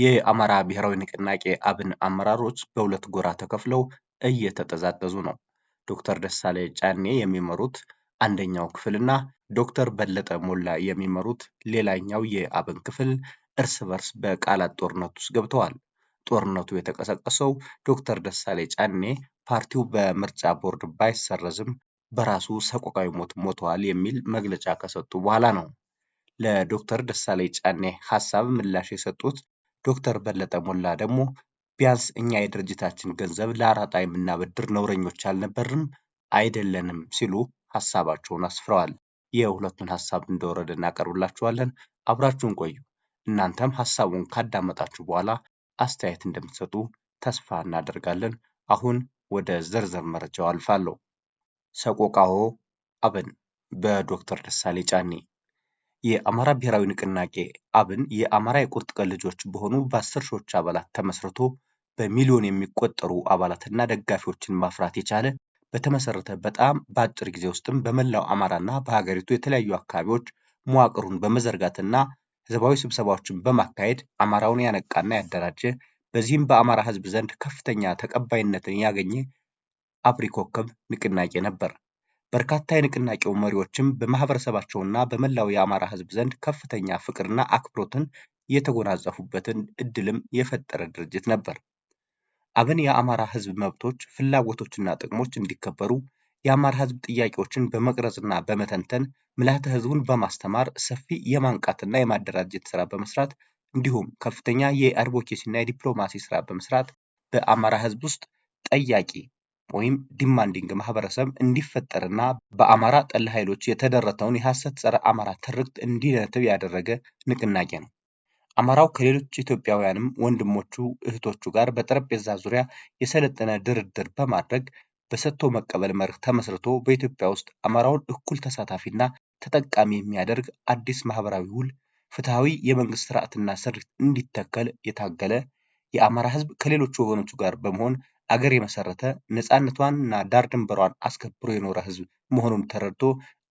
የአማራ ብሔራዊ ንቅናቄ አብን አመራሮች በሁለት ጎራ ተከፍለው እየተጠዛጠዙ ነው። ዶክተር ደሳለኝ ጫኔ የሚመሩት አንደኛው ክፍልና ዶክተር በለጠ ሞላ የሚመሩት ሌላኛው የአብን ክፍል እርስ በርስ በቃላት ጦርነት ውስጥ ገብተዋል። ጦርነቱ የተቀሰቀሰው ዶክተር ደሳለኝ ጫኔ ፓርቲው በምርጫ ቦርድ ባይሰረዝም በራሱ ሰቆቃዊ ሞት ሞተዋል የሚል መግለጫ ከሰጡ በኋላ ነው። ለዶክተር ደሳለኝ ጫኔ ሀሳብ ምላሽ የሰጡት ዶክተር በለጠ ሞላ ደግሞ ቢያንስ እኛ የድርጅታችን ገንዘብ ለአራጣ የምናበድር ነውረኞች አልነበርንም፣ አይደለንም ሲሉ ሀሳባቸውን አስፍረዋል። የሁለቱን ሀሳብ እንደወረደ እናቀርብላችኋለን። አብራችሁን ቆዩ። እናንተም ሀሳቡን ካዳመጣችሁ በኋላ አስተያየት እንደምትሰጡ ተስፋ እናደርጋለን። አሁን ወደ ዝርዝር መረጃው አልፋለሁ። ሰቆቃሆ አብን በዶክተር ደሳሌ ጫኔ የአማራ ብሔራዊ ንቅናቄ አብን የአማራ የቁርጥ ቀን ልጆች በሆኑ በአስር ሺዎች አባላት ተመስርቶ በሚሊዮን የሚቆጠሩ አባላትና ደጋፊዎችን ማፍራት የቻለ በተመሰረተ በጣም በአጭር ጊዜ ውስጥም በመላው አማራና በሀገሪቱ የተለያዩ አካባቢዎች መዋቅሩን በመዘርጋትና ህዝባዊ ስብሰባዎችን በማካሄድ አማራውን ያነቃና ያደራጀ በዚህም በአማራ ህዝብ ዘንድ ከፍተኛ ተቀባይነትን ያገኘ አብሪ ኮከብ ንቅናቄ ነበር። በርካታ የንቅናቄው መሪዎችም በማህበረሰባቸውና በመላው የአማራ ህዝብ ዘንድ ከፍተኛ ፍቅርና አክብሮትን የተጎናጸፉበትን እድልም የፈጠረ ድርጅት ነበር። አብን የአማራ ህዝብ መብቶች፣ ፍላጎቶችና ጥቅሞች እንዲከበሩ የአማራ ህዝብ ጥያቄዎችን በመቅረጽና በመተንተን ምልዓተ ህዝቡን በማስተማር ሰፊ የማንቃትና የማደራጀት ስራ በመስራት እንዲሁም ከፍተኛ የአድቮኬሲና የዲፕሎማሲ ስራ በመስራት በአማራ ህዝብ ውስጥ ጠያቂ ወይም ዲማንዲንግ ማህበረሰብ እንዲፈጠርና በአማራ ጠል ኃይሎች የተደረተውን የሐሰት ጸረ አማራ ትርክት እንዲነትብ ያደረገ ንቅናቄ ነው። አማራው ከሌሎች ኢትዮጵያውያንም ወንድሞቹ እህቶቹ ጋር በጠረጴዛ ዙሪያ የሰለጠነ ድርድር በማድረግ በሰጥቶ መቀበል መርህ ተመስርቶ በኢትዮጵያ ውስጥ አማራውን እኩል ተሳታፊና ተጠቃሚ የሚያደርግ አዲስ ማህበራዊ ውል፣ ፍትሐዊ የመንግስት ስርዓትና ስር እንዲተከል የታገለ የአማራ ህዝብ ከሌሎች ወገኖቹ ጋር በመሆን አገር የመሰረተ ነፃነቷንና ዳር ድንበሯን አስከብሮ የኖረ ህዝብ መሆኑን ተረድቶ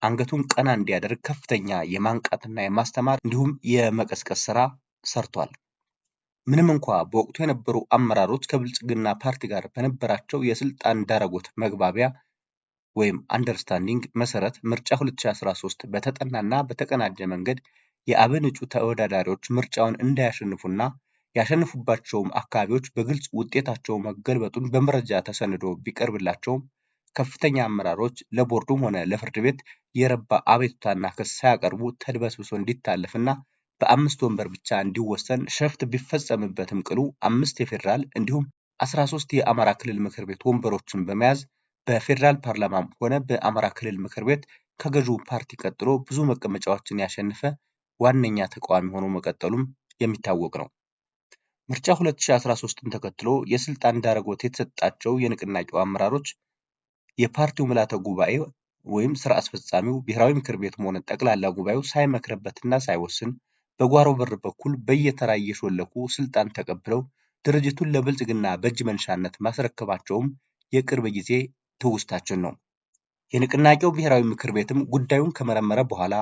አንገቱን ቀና እንዲያደርግ ከፍተኛ የማንቃትና የማስተማር እንዲሁም የመቀስቀስ ስራ ሰርቷል። ምንም እንኳ በወቅቱ የነበሩ አመራሮች ከብልጽግና ፓርቲ ጋር በነበራቸው የስልጣን ዳረጎት መግባቢያ ወይም አንደርስታንዲንግ መሰረት ምርጫ 2013 በተጠናና በተቀናጀ መንገድ የአብን እጩ ተወዳዳሪዎች ምርጫውን እንዳያሸንፉና ያሸነፉባቸውም አካባቢዎች በግልጽ ውጤታቸው መገልበጡን በመረጃ ተሰንዶ ቢቀርብላቸውም ከፍተኛ አመራሮች ለቦርዱም ሆነ ለፍርድ ቤት የረባ አቤቱታና ክስ ሳያቀርቡ ተድበስብሶ እንዲታለፍና በአምስት ወንበር ብቻ እንዲወሰን ሸፍት ቢፈጸምበትም ቅሉ አምስት የፌዴራል እንዲሁም 13 የአማራ ክልል ምክር ቤት ወንበሮችን በመያዝ በፌዴራል ፓርላማም ሆነ በአማራ ክልል ምክር ቤት ከገዢው ፓርቲ ቀጥሎ ብዙ መቀመጫዎችን ያሸነፈ ዋነኛ ተቃዋሚ ሆኖ መቀጠሉም የሚታወቅ ነው። ምርጫ 2013ን ተከትሎ የስልጣን ዳረጎት የተሰጣቸው የንቅናቄው አመራሮች የፓርቲው ምልዓተ ጉባኤ ወይም ስራ አስፈጻሚው ብሔራዊ ምክር ቤት መሆን ጠቅላላ ጉባኤው ሳይመክርበትና ሳይወስን በጓሮ በር በኩል በየተራ እየሾለኩ ስልጣን ተቀብለው ድርጅቱን ለብልጽግና በእጅ መንሻነት ማስረከባቸውም የቅርብ ጊዜ ትውስታችን ነው። የንቅናቄው ብሔራዊ ምክር ቤትም ጉዳዩን ከመረመረ በኋላ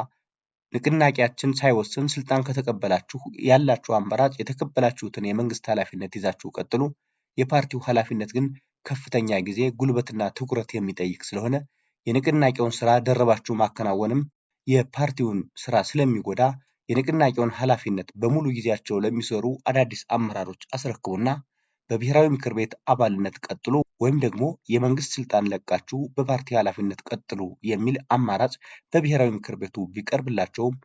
ንቅናቄያችን ሳይወስን ስልጣን ከተቀበላችሁ ያላችሁ አማራጭ የተቀበላችሁትን የመንግስት ኃላፊነት ይዛችሁ ቀጥሉ። የፓርቲው ኃላፊነት ግን ከፍተኛ ጊዜ፣ ጉልበትና ትኩረት የሚጠይቅ ስለሆነ የንቅናቄውን ስራ ደረባችሁ ማከናወንም የፓርቲውን ስራ ስለሚጎዳ የንቅናቄውን ኃላፊነት በሙሉ ጊዜያቸው ለሚሰሩ አዳዲስ አመራሮች አስረክቡና በብሔራዊ ምክር ቤት አባልነት ቀጥሉ። ወይም ደግሞ የመንግስት ስልጣን ለቃችሁ በፓርቲ ኃላፊነት ቀጥሉ የሚል አማራጭ በብሔራዊ ምክር ቤቱ ቢቀርብላቸውም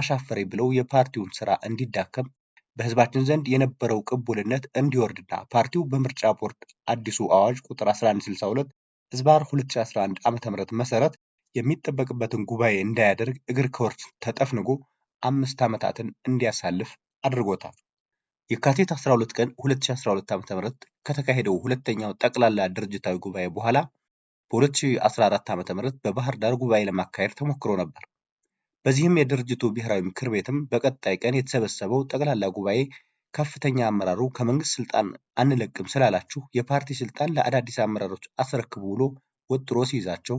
አሻፈሬ ብለው የፓርቲውን ስራ እንዲዳከም በህዝባችን ዘንድ የነበረው ቅቡልነት እንዲወርድና ፓርቲው በምርጫ ቦርድ አዲሱ አዋጅ ቁጥር 1162 ህዝባር 2011 ዓ ም መሰረት የሚጠበቅበትን ጉባኤ እንዳያደርግ እግር ከወርች ተጠፍንጎ አምስት ዓመታትን እንዲያሳልፍ አድርጎታል። የካቲት 12 ቀን 2012 ዓ.ም ከተካሄደው ሁለተኛው ጠቅላላ ድርጅታዊ ጉባኤ በኋላ በ2014 ዓ.ም በባህር ዳር ጉባኤ ለማካሄድ ተሞክሮ ነበር። በዚህም የድርጅቱ ብሔራዊ ምክር ቤትም በቀጣይ ቀን የተሰበሰበው ጠቅላላ ጉባኤ ከፍተኛ አመራሩ ከመንግስት ስልጣን አንለቅም ስላላችሁ የፓርቲ ስልጣን ለአዳዲስ አመራሮች አስረክቡ ብሎ ወጥሮ ሲይዛቸው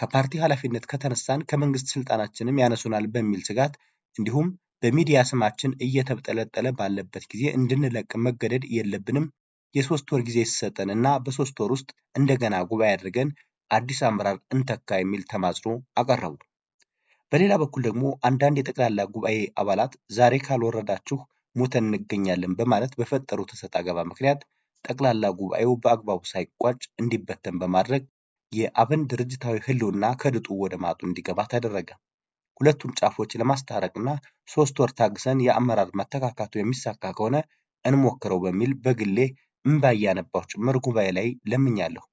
ከፓርቲ ኃላፊነት ከተነሳን ከመንግስት ስልጣናችንም ያነሱናል በሚል ስጋት እንዲሁም በሚዲያ ስማችን እየተጠለጠለ ባለበት ጊዜ እንድንለቅ መገደድ የለብንም። የሶስት ወር ጊዜ ሲሰጠን እና በሶስት ወር ውስጥ እንደገና ጉባኤ አድርገን አዲስ አመራር እንተካ የሚል ተማጽኖ አቀረቡ። በሌላ በኩል ደግሞ አንዳንድ የጠቅላላ ጉባኤ አባላት ዛሬ ካልወረዳችሁ ሞተን እንገኛለን በማለት በፈጠሩ እሰጥ አገባ ምክንያት ጠቅላላ ጉባኤው በአግባቡ ሳይቋጭ እንዲበተን በማድረግ የአብን ድርጅታዊ ህልውና ከድጡ ወደ ማጡ እንዲገባ ተደረገ። ሁለቱን ጫፎች ለማስታረቅና ሶስት ወር ታግሰን የአመራር መተካካቱ የሚሳካ ከሆነ እንሞክረው በሚል በግሌ እምባ እያነባሁ ጭምር ጉባኤ ላይ ለምኛለሁ።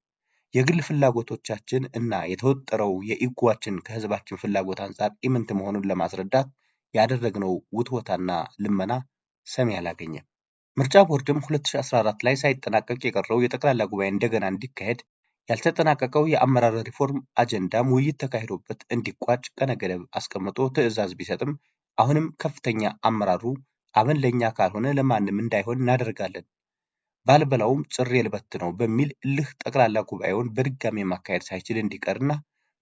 የግል ፍላጎቶቻችን እና የተወጠረው የኢጓችን ከህዝባችን ፍላጎት አንጻር ኢምንት መሆኑን ለማስረዳት ያደረግነው ውትወታና ልመና ሰሚ አላገኘም። ምርጫ ቦርድም 2014 ላይ ሳይጠናቀቅ የቀረው የጠቅላላ ጉባኤ እንደገና እንዲካሄድ ያልተጠናቀቀው የአመራር ሪፎርም አጀንዳም ውይይት ተካሂዶበት እንዲቋጭ ቀነ ገደብ አስቀምጦ ትዕዛዝ ቢሰጥም አሁንም ከፍተኛ አመራሩ አብን ለእኛ ካልሆነ ለማንም እንዳይሆን እናደርጋለን፣ ባልበላውም ጭሬ ልበት ነው በሚል እልህ ጠቅላላ ጉባኤውን በድጋሚ ማካሄድ ሳይችል እንዲቀርና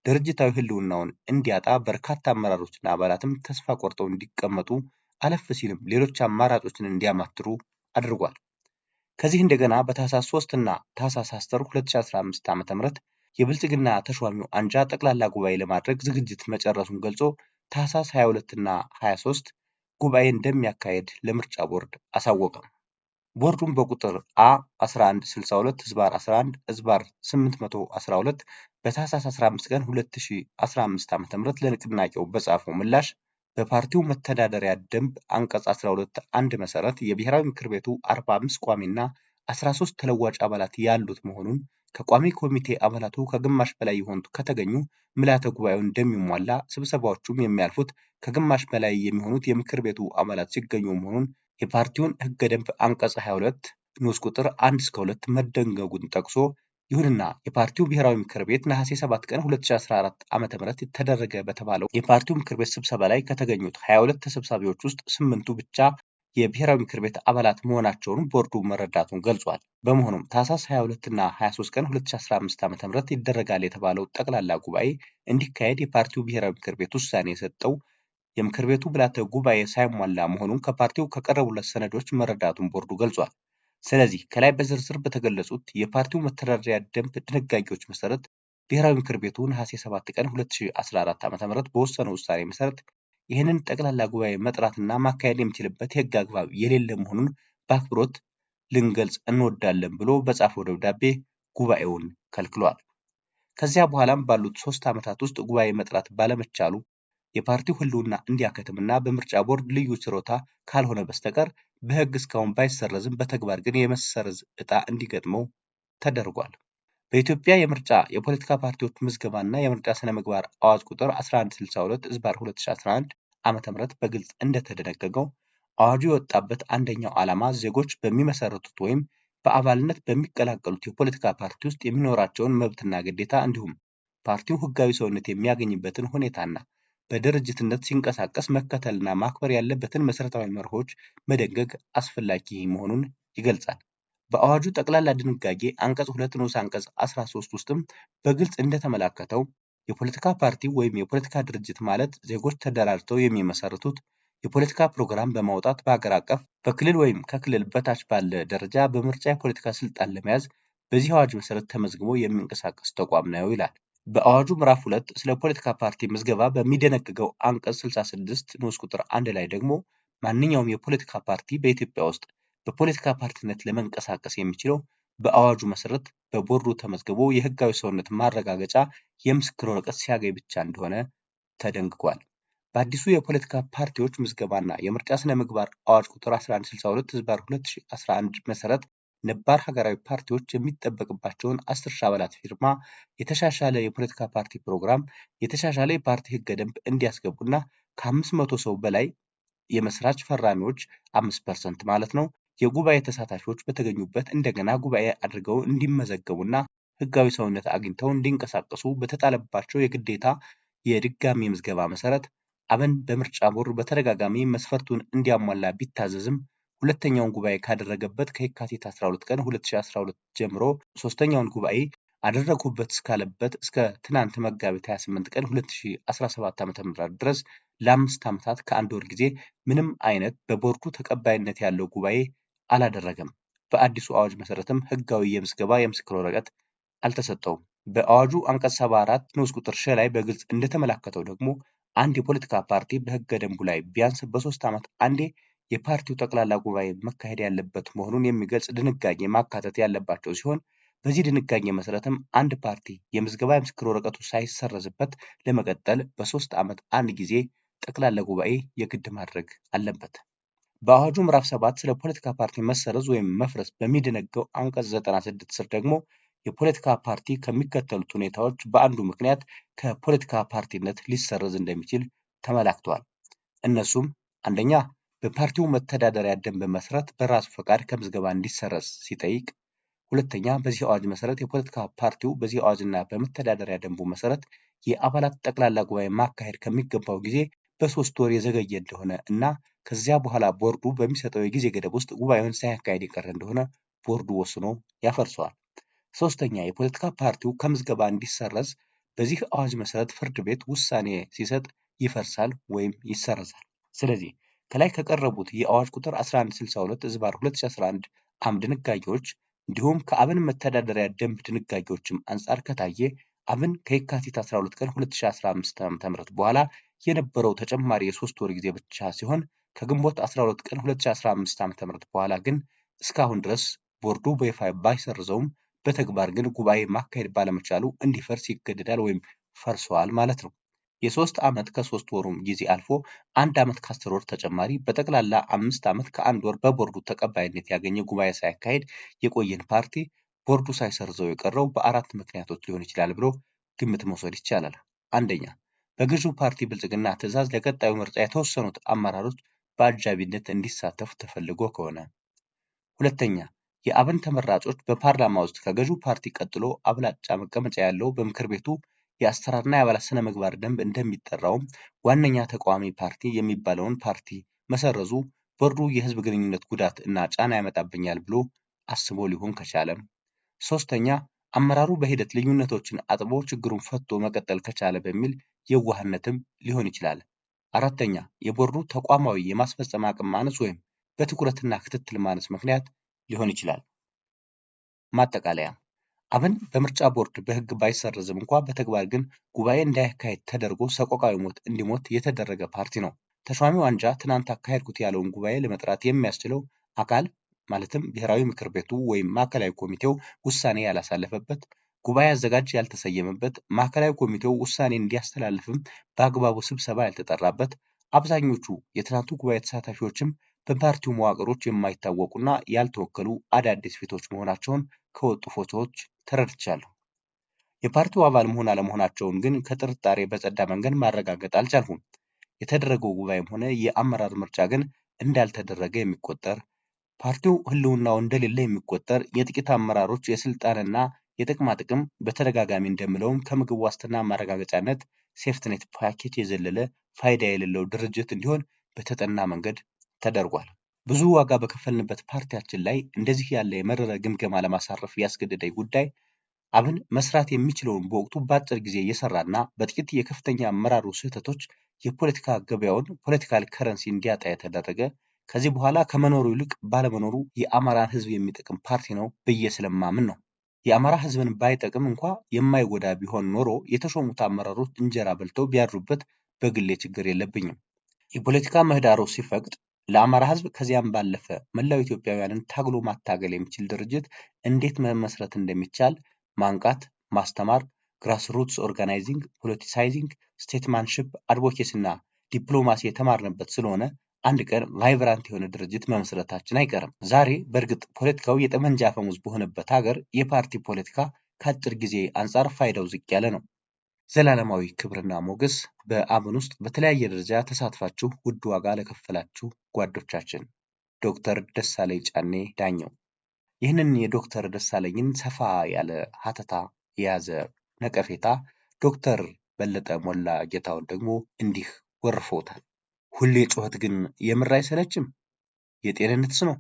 ድርጅታዊ ህልውናውን እንዲያጣ በርካታ አመራሮችና አባላትም ተስፋ ቆርጠው እንዲቀመጡ አለፍ ሲልም ሌሎች አማራጮችን እንዲያማትሩ አድርጓል። ከዚህ እንደገና በታህሳስ 3 እና ታህሳስ 10 2015 ዓ.ም የብልጽግና ተሿሚው አንጃ ጠቅላላ ጉባኤ ለማድረግ ዝግጅት መጨረሱን ገልጾ ታህሳስ 22 እና 23 ጉባኤ እንደሚያካሄድ ለምርጫ ቦርድ አሳወቀ። ቦርዱም በቁጥር አ 1162 ህዝባር 11 ህዝባር 812 በታህሳስ 15 ቀን 2015 ዓ.ም ለንቅናቄው በጻፈው ምላሽ በፓርቲው መተዳደሪያ ደንብ አንቀጽ 12 አንድ መሰረት የብሔራዊ ምክር ቤቱ 45 ቋሚና 13 ተለዋጭ አባላት ያሉት መሆኑን ከቋሚ ኮሚቴ አባላቱ ከግማሽ በላይ የሆኑት ከተገኙ ምልዓተ ጉባኤው እንደሚሟላ ስብሰባዎቹም የሚያልፉት ከግማሽ በላይ የሚሆኑት የምክር ቤቱ አባላት ሲገኙ መሆኑን የፓርቲውን ህገ ደንብ አንቀጽ 22 ንዑስ ቁጥር 1 እስከ 2 መደንገጉን ጠቅሶ ይሁንና የፓርቲው ብሔራዊ ምክር ቤት ነሐሴ 7 ቀን 2014 ዓ ም ተደረገ በተባለው የፓርቲው ምክር ቤት ስብሰባ ላይ ከተገኙት 22 ተሰብሳቢዎች ውስጥ ስምንቱ ብቻ የብሔራዊ ምክር ቤት አባላት መሆናቸውን ቦርዱ መረዳቱን ገልጿል። በመሆኑም ታህሳስ 22 እና 23 ቀን 2015 ዓ ም ይደረጋል የተባለው ጠቅላላ ጉባኤ እንዲካሄድ የፓርቲው ብሔራዊ ምክር ቤት ውሳኔ የሰጠው የምክር ቤቱ ብላተ ጉባኤ ሳይሟላ መሆኑን ከፓርቲው ከቀረቡለት ሰነዶች መረዳቱን ቦርዱ ገልጿል። ስለዚህ ከላይ በዝርዝር በተገለጹት የፓርቲው መተዳደሪያ ደንብ ድንጋጌዎች መሰረት ብሔራዊ ምክር ቤቱ ነሐሴ 7 ቀን 2014 .ም በወሰነው ውሳኔ መሰረት ይህንን ጠቅላላ ጉባኤ መጥራትና ማካሄድ የሚችልበት የህግ አግባብ የሌለ መሆኑን በአክብሮት ልንገልጽ እንወዳለን ብሎ በጻፈው ደብዳቤ ጉባኤውን ከልክሏል። ከዚያ በኋላም ባሉት ሶስት ዓመታት ውስጥ ጉባኤ መጥራት ባለመቻሉ የፓርቲው ህልውና እንዲያከትምና በምርጫ ቦርድ ልዩ ችሮታ ካልሆነ በስተቀር በህግ እስካሁን ባይሰረዝም በተግባር ግን የመሰረዝ ዕጣ እንዲገጥመው ተደርጓል። በኢትዮጵያ የምርጫ የፖለቲካ ፓርቲዎች ምዝገባና የምርጫ ስነ ምግባር አዋጅ ቁጥር 1162 ዝባር 2011 ዓ ም በግልጽ እንደተደነገገው አዋጁ የወጣበት አንደኛው ዓላማ ዜጎች በሚመሰረቱት ወይም በአባልነት በሚቀላቀሉት የፖለቲካ ፓርቲ ውስጥ የሚኖራቸውን መብትና ግዴታ እንዲሁም ፓርቲው ህጋዊ ሰውነት የሚያገኝበትን ሁኔታና በድርጅትነት ሲንቀሳቀስ መከተልና ማክበር ያለበትን መሰረታዊ መርሆች መደንገግ አስፈላጊ መሆኑን ይገልጻል። በአዋጁ ጠቅላላ ድንጋጌ አንቀጽ ሁለት ንዑስ አንቀጽ 13 ውስጥም በግልጽ እንደተመላከተው የፖለቲካ ፓርቲ ወይም የፖለቲካ ድርጅት ማለት ዜጎች ተደራጅተው የሚመሰርቱት የፖለቲካ ፕሮግራም በማውጣት በሀገር አቀፍ፣ በክልል ወይም ከክልል በታች ባለ ደረጃ በምርጫ የፖለቲካ ስልጣን ለመያዝ በዚህ አዋጅ መሰረት ተመዝግቦ የሚንቀሳቀስ ተቋም ነው ይላል። በአዋጁ ምዕራፍ ሁለት ስለ ፖለቲካ ፓርቲ ምዝገባ በሚደነግገው አንቀጽ 66 ንዑስ ቁጥር አንድ ላይ ደግሞ ማንኛውም የፖለቲካ ፓርቲ በኢትዮጵያ ውስጥ በፖለቲካ ፓርቲነት ለመንቀሳቀስ የሚችለው በአዋጁ መሰረት በቦርዱ ተመዝግቦ የህጋዊ ሰውነት ማረጋገጫ የምስክር ወረቀት ሲያገኝ ብቻ እንደሆነ ተደንግጓል። በአዲሱ የፖለቲካ ፓርቲዎች ምዝገባና የምርጫ ስነ ምግባር አዋጅ ቁጥር 1162 2011 መሰረት ነባር ሀገራዊ ፓርቲዎች የሚጠበቅባቸውን አስር ሺህ አባላት ፊርማ፣ የተሻሻለ የፖለቲካ ፓርቲ ፕሮግራም፣ የተሻሻለ የፓርቲ ህገ ደንብ እንዲያስገቡና ከአምስት መቶ ሰው በላይ የመስራች ፈራሚዎች አምስት ፐርሰንት ማለት ነው የጉባኤ ተሳታፊዎች በተገኙበት እንደገና ጉባኤ አድርገው እንዲመዘገቡና ህጋዊ ሰውነት አግኝተው እንዲንቀሳቀሱ በተጣለባቸው የግዴታ የድጋሚ ምዝገባ መሰረት አብን በምርጫ ቦርድ በተደጋጋሚ መስፈርቱን እንዲያሟላ ቢታዘዝም ሁለተኛውን ጉባኤ ካደረገበት ከየካቲት 12 ቀን 2012 ጀምሮ ሶስተኛውን ጉባኤ አደረጉበት እስካለበት እስከ ትናንት መጋቢት 28 ቀን 2017 ዓ.ም ድረስ ለአምስት ዓመታት ከአንድ ወር ጊዜ ምንም አይነት በቦርዱ ተቀባይነት ያለው ጉባኤ አላደረገም። በአዲሱ አዋጅ መሰረትም ህጋዊ የምዝገባ የምስክር ወረቀት አልተሰጠውም። በአዋጁ አንቀጽ 74 ንዑስ ቁጥር ሸ ላይ በግልጽ እንደተመላከተው ደግሞ አንድ የፖለቲካ ፓርቲ በህገ ደንቡ ላይ ቢያንስ በሶስት ዓመት አንዴ የፓርቲው ጠቅላላ ጉባኤ መካሄድ ያለበት መሆኑን የሚገልጽ ድንጋጌ ማካተት ያለባቸው ሲሆን በዚህ ድንጋጌ መሰረትም አንድ ፓርቲ የምዝገባ የምስክር ወረቀቱ ሳይሰረዝበት ለመቀጠል በሶስት ዓመት አንድ ጊዜ ጠቅላላ ጉባኤ የግድ ማድረግ አለበት። በአዋጁ ምዕራፍ 7 ስለ ፖለቲካ ፓርቲ መሰረዝ ወይም መፍረስ በሚደነገው አንቀጽ 96 ስር ደግሞ የፖለቲካ ፓርቲ ከሚከተሉት ሁኔታዎች በአንዱ ምክንያት ከፖለቲካ ፓርቲነት ሊሰረዝ እንደሚችል ተመላክቷል። እነሱም አንደኛ በፓርቲው መተዳደሪያ ደንብ መሰረት በራሱ ፈቃድ ከምዝገባ እንዲሰረዝ ሲጠይቅ፣ ሁለተኛ በዚህ አዋጅ መሰረት የፖለቲካ ፓርቲው በዚህ አዋጅና በመተዳደሪያ ደንቡ መሰረት የአባላት ጠቅላላ ጉባኤ ማካሄድ ከሚገባው ጊዜ በሶስት ወር የዘገየ እንደሆነ እና ከዚያ በኋላ ቦርዱ በሚሰጠው የጊዜ ገደብ ውስጥ ጉባኤውን ሳያካሄድ የቀረ እንደሆነ ቦርዱ ወስኖ ያፈርሰዋል። ሶስተኛ የፖለቲካ ፓርቲው ከምዝገባ እንዲሰረዝ በዚህ አዋጅ መሰረት ፍርድ ቤት ውሳኔ ሲሰጥ ይፈርሳል ወይም ይሰረዛል። ስለዚህ ከላይ ከቀረቡት የአዋጅ ቁጥር 1162 ዝባር 2011 አም ድንጋጌዎች እንዲሁም ከአብን መተዳደሪያ ደንብ ድንጋጌዎችም አንጻር ከታየ አብን ከየካቲት 12 ቀን 2015 ዓ.ም በኋላ የነበረው ተጨማሪ የሶስት ወር ጊዜ ብቻ ሲሆን ከግንቦት 12 ቀን 2015 ም በኋላ ግን እስካሁን ድረስ ቦርዱ በይፋ ባይሰርዘውም በተግባር ግን ጉባኤ ማካሄድ ባለመቻሉ እንዲፈርስ ይገደዳል ወይም ፈርሰዋል ማለት ነው። የሶስት ዓመት ከሶስት ወሩም ጊዜ አልፎ አንድ ዓመት ከአስር ወር ተጨማሪ በጠቅላላ አምስት ዓመት ከአንድ ወር በቦርዱ ተቀባይነት ያገኘ ጉባኤ ሳያካሄድ የቆየን ፓርቲ ቦርዱ ሳይሰርዘው የቀረው በአራት ምክንያቶች ሊሆን ይችላል ብሎ ግምት መውሰድ ይቻላል። አንደኛ፣ በገዢው ፓርቲ ብልጽግና ትዕዛዝ ለቀጣዩ ምርጫ የተወሰኑት አመራሮች በአጃቢነት እንዲሳተፉ ተፈልጎ ከሆነ። ሁለተኛ፣ የአብን ተመራጮች በፓርላማ ውስጥ ከገዢው ፓርቲ ቀጥሎ አብላጫ መቀመጫ ያለው በምክር ቤቱ የአሰራርና የአባላት ስነ ምግባር ደንብ እንደሚጠራውም ዋነኛ ተቃዋሚ ፓርቲ የሚባለውን ፓርቲ መሰረዙ ቦርዱ የህዝብ ግንኙነት ጉዳት እና ጫና ያመጣብኛል ብሎ አስቦ ሊሆን ከቻለም። ሶስተኛ አመራሩ በሂደት ልዩነቶችን አጥቦ ችግሩን ፈቶ መቀጠል ከቻለ በሚል የዋህነትም ሊሆን ይችላል። አራተኛ የቦርዱ ተቋማዊ የማስፈጸም አቅም ማነስ ወይም በትኩረትና ክትትል ማነስ ምክንያት ሊሆን ይችላል። ማጠቃለያ አብን በምርጫ ቦርድ በህግ ባይሰረዝም እንኳ በተግባር ግን ጉባኤ እንዳይካሄድ ተደርጎ ሰቆቃዊ ሞት እንዲሞት የተደረገ ፓርቲ ነው። ተሿሚው አንጃ ትናንት አካሄድኩት ያለውን ጉባኤ ለመጥራት የሚያስችለው አካል ማለትም ብሔራዊ ምክር ቤቱ ወይም ማዕከላዊ ኮሚቴው ውሳኔ ያላሳለፈበት፣ ጉባኤ አዘጋጅ ያልተሰየመበት፣ ማዕከላዊ ኮሚቴው ውሳኔ እንዲያስተላልፍም በአግባቡ ስብሰባ ያልተጠራበት፣ አብዛኞቹ የትናንቱ ጉባኤ ተሳታፊዎችም በፓርቲው መዋቅሮች የማይታወቁና ያልተወከሉ አዳዲስ ፊቶች መሆናቸውን ከወጡ ፎቶዎች ተረድቻለሁ። የፓርቲው አባል መሆን አለመሆናቸውን ግን ከጥርጣሬ በጸዳ መንገድ ማረጋገጥ አልቻልሁም። የተደረገው ጉባኤም ሆነ የአመራር ምርጫ ግን እንዳልተደረገ የሚቆጠር ፓርቲው ህልውናው እንደሌለ የሚቆጠር የጥቂት አመራሮች የስልጣንና የጥቅማ ጥቅም በተደጋጋሚ እንደምለውም ከምግብ ዋስትና ማረጋገጫነት ሴፍትኔት ፓኬት የዘለለ ፋይዳ የሌለው ድርጅት እንዲሆን በተጠና መንገድ ተደርጓል። ብዙ ዋጋ በከፈልንበት ፓርቲያችን ላይ እንደዚህ ያለ የመረረ ግምገማ ለማሳረፍ ያስገደደኝ ጉዳይ አብን መስራት የሚችለውን በወቅቱ በአጭር ጊዜ እየሰራና በጥቂት የከፍተኛ አመራሩ ስህተቶች የፖለቲካ ገበያውን ፖለቲካል ከረንሲ እንዲያጣ የተደረገ ከዚህ በኋላ ከመኖሩ ይልቅ ባለመኖሩ የአማራን ሕዝብ የሚጠቅም ፓርቲ ነው ብዬ ስለማምን ነው። የአማራ ሕዝብን ባይጠቅም እንኳ የማይጎዳ ቢሆን ኖሮ የተሾሙት አመራሮች እንጀራ በልተው ቢያድሩበት በግሌ ችግር የለብኝም። የፖለቲካ ምህዳሩ ሲፈቅድ ለአማራ ህዝብ ከዚያም ባለፈ መላው ኢትዮጵያውያንን ታግሎ ማታገል የሚችል ድርጅት እንዴት መመስረት እንደሚቻል ማንቃት፣ ማስተማር፣ ግራስሩትስ ኦርጋናይዚንግ፣ ፖለቲሳይዚንግ፣ ስቴትማንሽፕ፣ አድቮኬሲ እና ዲፕሎማሲ የተማርንበት ስለሆነ አንድ ቀን ቫይብራንት የሆነ ድርጅት መመስረታችን አይቀርም። ዛሬ በእርግጥ ፖለቲካው የጠመንጃ አፈሙዝ በሆነበት ሀገር የፓርቲ ፖለቲካ ከአጭር ጊዜ አንጻር ፋይዳው ዝቅ ያለ ነው። ዘላለማዊ ክብርና ሞገስ በአብን ውስጥ በተለያየ ደረጃ ተሳትፋችሁ ውድ ዋጋ ለከፈላችሁ ጓዶቻችን ዶክተር ደሳለኝ ጫኔ ዳኘው ይህንን የዶክተር ደሳለኝን ሰፋ ያለ ሀተታ የያዘ ነቀፌታ ዶክተር በለጠ ሞላ ጌታውን ደግሞ እንዲህ ወርፎታል። ሁሌ ጩኸት ግን የምር አይሰለችም? የጤንነትስ ነው?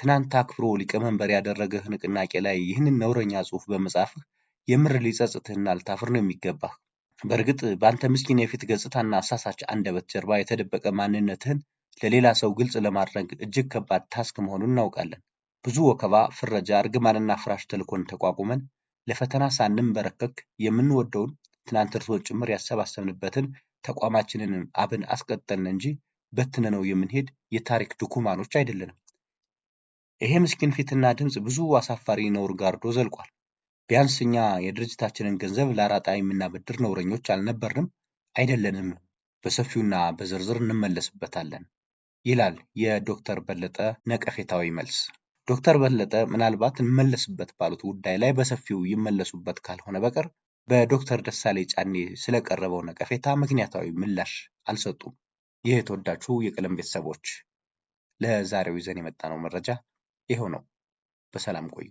ትናንት አክብሮ ሊቀመንበር ያደረገህ ንቅናቄ ላይ ይህንን ነውረኛ ጽሑፍ በመጻፍህ የምር ሊጸጽትህና ልታፍር ነው የሚገባህ። በእርግጥ በአንተ ምስኪን የፊት ገጽታና አሳሳች አንደበት ጀርባ የተደበቀ ማንነትህን ለሌላ ሰው ግልጽ ለማድረግ እጅግ ከባድ ታስክ መሆኑን እናውቃለን። ብዙ ወከባ፣ ፍረጃ፣ እርግማንና ፍራሽ ተልኮን ተቋቁመን ለፈተና ሳንንበረከክ የምንወደውን ትናንት እርሶ ጭምር ያሰባሰብንበትን ተቋማችንን አብን አስቀጠልን እንጂ በትነ ነው የምንሄድ የታሪክ ድኩማኖች አይደለንም። ይሄ ምስኪን ፊትና ድምፅ ብዙ አሳፋሪ ነውር ጋርዶ ዘልቋል። ቢያንስ እኛ የድርጅታችንን ገንዘብ ለአራጣ የምናበድር ነውረኞች አልነበርንም አይደለንም በሰፊውና በዝርዝር እንመለስበታለን ይላል የዶክተር በለጠ ነቀፌታዊ መልስ። ዶክተር በለጠ ምናልባት እንመለስበት ባሉት ጉዳይ ላይ በሰፊው ይመለሱበት ካልሆነ በቀር በዶክተር ደሳሌ ጫኔ ስለቀረበው ነቀፌታ ምክንያታዊ ምላሽ አልሰጡም። ይህ የተወዳችሁ የቀለም ቤተሰቦች ለዛሬው ይዘን የመጣነው መረጃ ይኸው ነው። በሰላም ቆዩ።